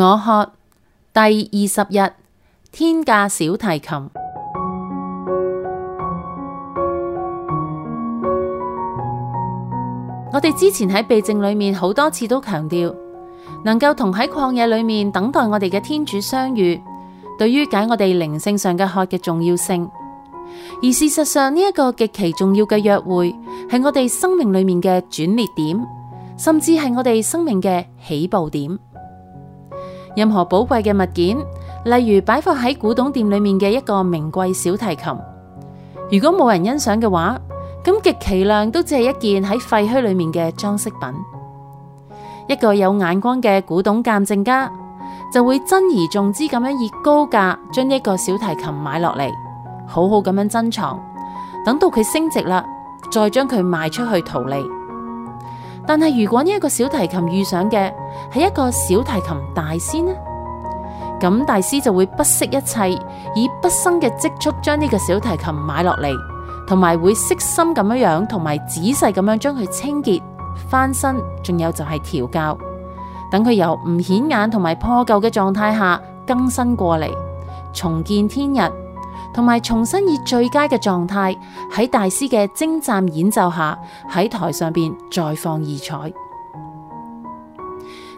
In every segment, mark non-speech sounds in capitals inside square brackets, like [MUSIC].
我渴第二十日天價小提琴。 [MUSIC] 我哋之前喺避靜裏面好多次都強調，能夠同喺曠野裏面等待我哋嘅天主相遇，對於解我哋靈性上嘅渴嘅重要性。而事實上，呢、這、一個極其重要嘅約會，係我哋生命裏面嘅轉捩點，甚至係我哋生命嘅起步點。任何寶貴嘅物件，例如擺放喺古董店裏面嘅一個名貴小提琴，如果冇人欣賞嘅話，咁極其量都只係一件喺廢墟裏面嘅裝飾品。一個有眼光嘅古董鑑證家，就會珍而重之咁樣以高價將呢個小提琴買落嚟，好好咁樣珍藏，等到佢升值啦，再將佢賣出去圖利。但係如果呢一個小提琴遇上嘅係一個小提琴大師呢？咁大師就會不惜一切，以畢生嘅積蓄將呢個小提琴買落嚟，同埋會悉心咁樣樣，同埋仔細咁樣將佢清潔、翻新，仲有就係調教，等佢由唔顯眼同埋破舊嘅狀態下更新過嚟，重見天日。同埋，重新以最佳嘅狀態喺大師嘅精湛演奏下，喺台上邊再放異彩。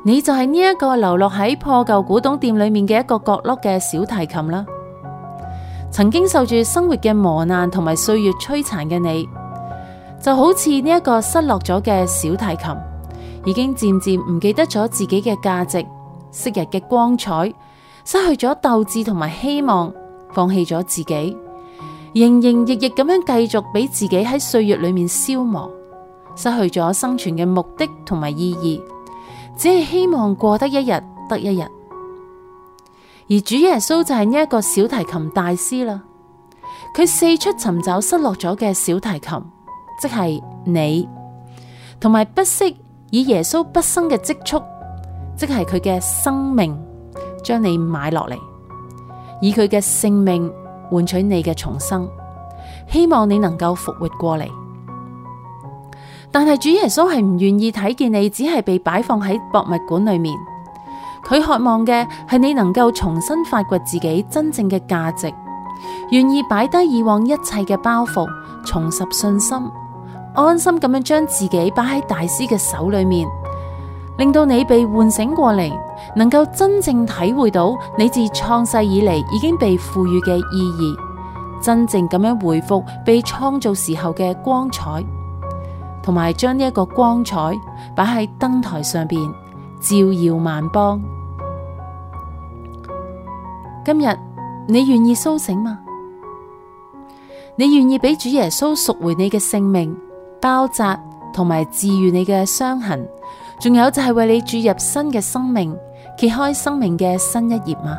你就係呢一個流落喺破舊古董店裏面嘅一個角落嘅小提琴啦。曾經受住生活嘅磨難同埋歲月摧殘嘅你，就好似呢一個失落咗嘅小提琴，已經漸漸唔記得咗自己嘅價值、昔日嘅光彩，失去咗鬥志同埋希望。放棄咗自己，營營役役咁樣繼續俾自己喺歲月裏面消磨，失去咗生存嘅目的同埋意義，只係希望過得一日得一日。而主耶穌就係呢一個小提琴大師啦，佢四出尋找失落咗嘅小提琴，即係你，同埋不惜以耶穌畢生嘅積蓄，即係佢嘅生命，將你買落嚟。以佢嘅性命換取你嘅重生，希望你能夠復活過嚟。但係主耶穌係唔願意睇見你只係被擺放喺博物館裏面，佢渴望嘅係你能夠重新發掘自己真正嘅價值，願意擺低以往一切嘅包袱，重拾信心，安心咁樣將自己擺喺大師嘅手裏面。令到你被喚醒過嚟，能夠真正體會到你自創世以嚟已經被賦予嘅意義，真正咁樣回復被創造時候嘅光彩，同埋將呢一個光彩擺喺燈台上邊，照耀萬邦。今日，你願意蘇醒嗎？你願意俾主耶穌贖回你嘅性命，包紮同埋治愈你嘅傷痕？仲有就係為你注入新嘅生命，揭開生命嘅新一頁嗎？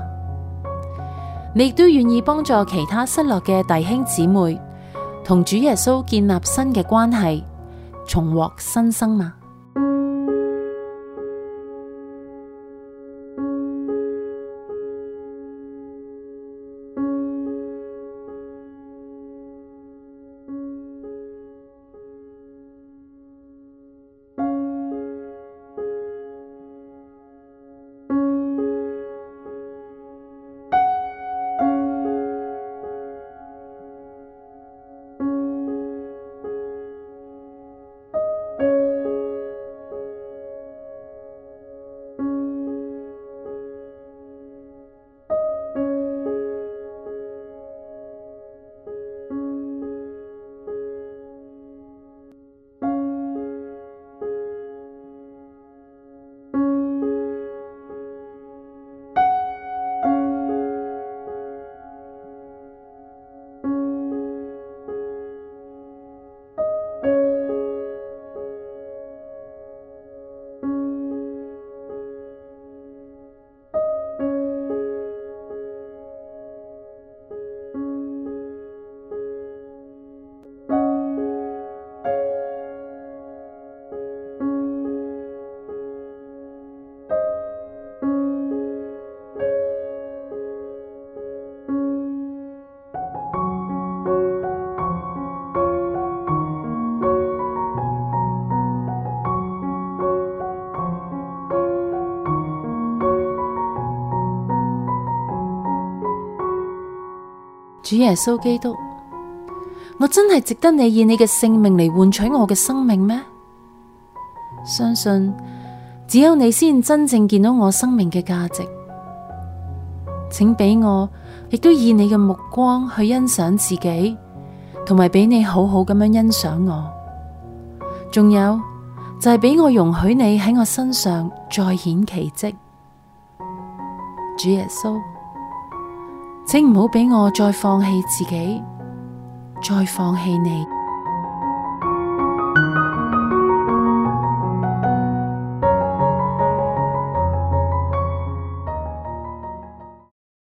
你亦都願意幫助其他失落嘅弟兄姊妹，同主耶穌建立新嘅關係，重獲新生嗎？主耶穌基督，我真係值得你以你嘅性命嚟換取我嘅生命咩？相信只有你先真正見到我生命嘅價值，請俾我亦都以你嘅目光去欣賞自己，同埋俾你好好咁樣欣賞我。仲有就係、是、俾我容許你喺我身上再顯奇跡。主耶穌。請唔好俾我再放棄自己，再放棄你。